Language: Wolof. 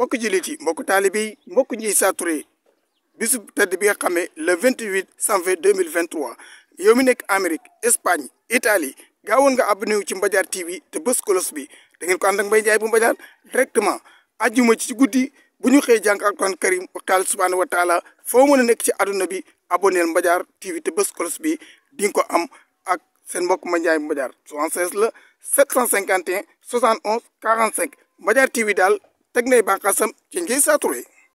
mbokk jullit yi mbokk taalibe yi mbokk ñiy saturé bisub tedd bi nga xamé le 28 janvier 2023 yow mi nekk Amérique Espagne Italie gaawoon nga abonné ci Mbadiar TV te bës kolos bi da ngeen ko and ak Mbaye Ndiaye bu Mbadiar directement ajjuma ci guddi bu ñu jank ak kon karim waxtaal subhanahu wa taala fo mën nek ci aduna bi abonné Mbadiar TV te bës kolos bi di nga ko am ak seen mbokk Mbaye Ndiaye bu 76 la 751 71 45 Mbadiar TV dal teg nay bànqaasam ci njiit satului